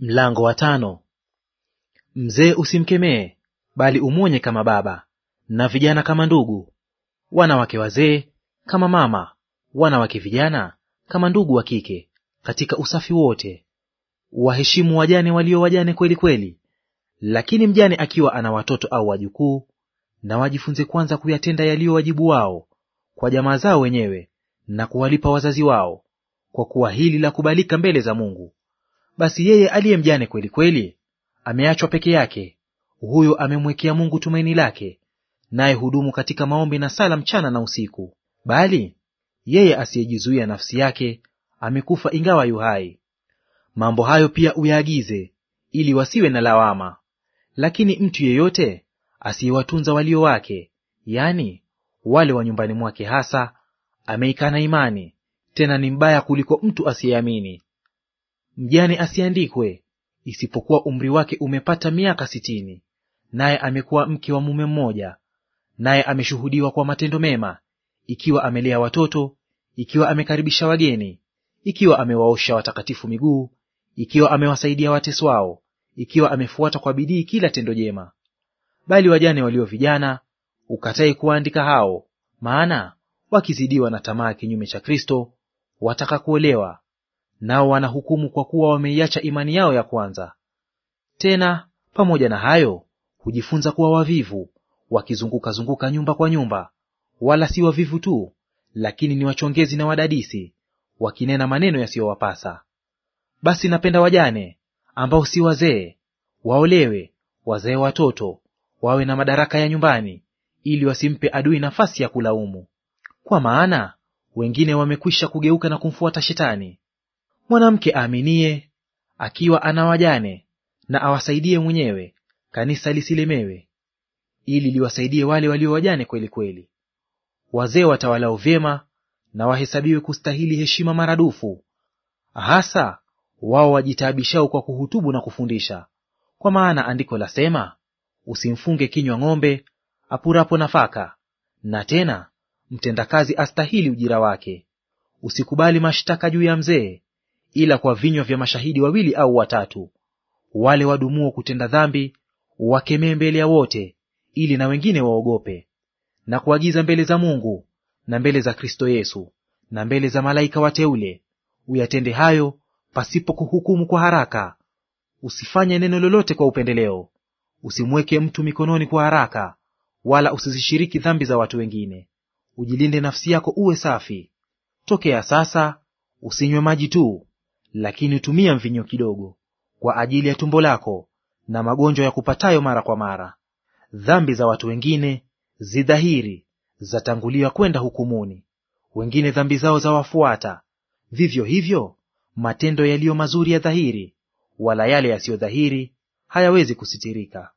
Mlango wa tano. Mzee usimkemee, bali umwonye kama baba, na vijana kama ndugu, wanawake wazee kama mama, wanawake vijana kama ndugu wa kike, katika usafi wote. Waheshimu wajane walio wajane kweli kweli. Lakini mjane akiwa ana watoto au wajukuu, na wajifunze kwanza kuyatenda yaliyo wajibu wao kwa jamaa zao wenyewe na kuwalipa wazazi wao, kwa kuwa hili la kubalika mbele za Mungu. Basi yeye aliye mjane kweli kweli ameachwa peke yake, huyo amemwekea Mungu tumaini lake, naye hudumu katika maombi na sala mchana na usiku. Bali yeye asiyejizuia nafsi yake amekufa ingawa yuhai Mambo hayo pia uyaagize, ili wasiwe na lawama. Lakini mtu yeyote asiyewatunza walio wake, yani wale wa nyumbani mwake hasa, ameikana imani, tena ni mbaya kuliko mtu asiyeamini mjane asiandikwe, isipokuwa umri wake umepata miaka sitini, naye amekuwa mke wa mume mmoja, naye ameshuhudiwa kwa matendo mema, ikiwa amelea watoto, ikiwa amekaribisha wageni, ikiwa amewaosha watakatifu miguu, ikiwa amewasaidia wateswao, ikiwa amefuata kwa bidii kila tendo jema. Bali wajane walio vijana ukatai kuwaandika hao, maana wakizidiwa na tamaa kinyume cha Kristo wataka kuolewa, nao wanahukumu kwa kuwa wameiacha imani yao ya kwanza. Tena pamoja na hayo hujifunza kuwa wavivu, wakizungukazunguka nyumba kwa nyumba, wala si wavivu tu, lakini ni wachongezi na wadadisi, wakinena maneno yasiyowapasa. Basi napenda wajane ambao si wazee, waolewe, wazee watoto, wawe na madaraka ya nyumbani, ili wasimpe adui nafasi ya kulaumu. Kwa maana wengine wamekwisha kugeuka na kumfuata Shetani, Mwanamke aaminiye akiwa ana wajane na awasaidie mwenyewe kanisa lisilemewe, ili liwasaidie wale walio wajane kweli kweli. Wazee watawalao vyema na wahesabiwe kustahili heshima maradufu, hasa wao wajitaabishao kwa kuhutubu na kufundisha. Kwa maana andiko lasema, usimfunge kinywa ng'ombe apurapo nafaka, na tena mtendakazi astahili ujira wake. Usikubali mashtaka juu ya mzee, ila kwa vinywa vya mashahidi wawili au watatu. Wale wadumuo kutenda dhambi wakemee mbele ya wote, ili na wengine waogope. Na kuagiza mbele za Mungu na mbele za Kristo Yesu na mbele za malaika wateule, uyatende hayo pasipo kuhukumu kwa haraka. Usifanye neno lolote kwa upendeleo, usimweke mtu mikononi kwa haraka, wala usizishiriki dhambi za watu wengine. Ujilinde nafsi yako, uwe safi. Tokea sasa usinywe maji tu, lakini tumia mvinyo kidogo kwa ajili ya tumbo lako na magonjwa ya kupatayo mara kwa mara. Dhambi za watu wengine zidhahiri, zatangulia kwenda hukumuni, wengine dhambi zao zawafuata. Vivyo hivyo matendo yaliyo mazuri ya dhahiri, wala yale yasiyodhahiri hayawezi kusitirika.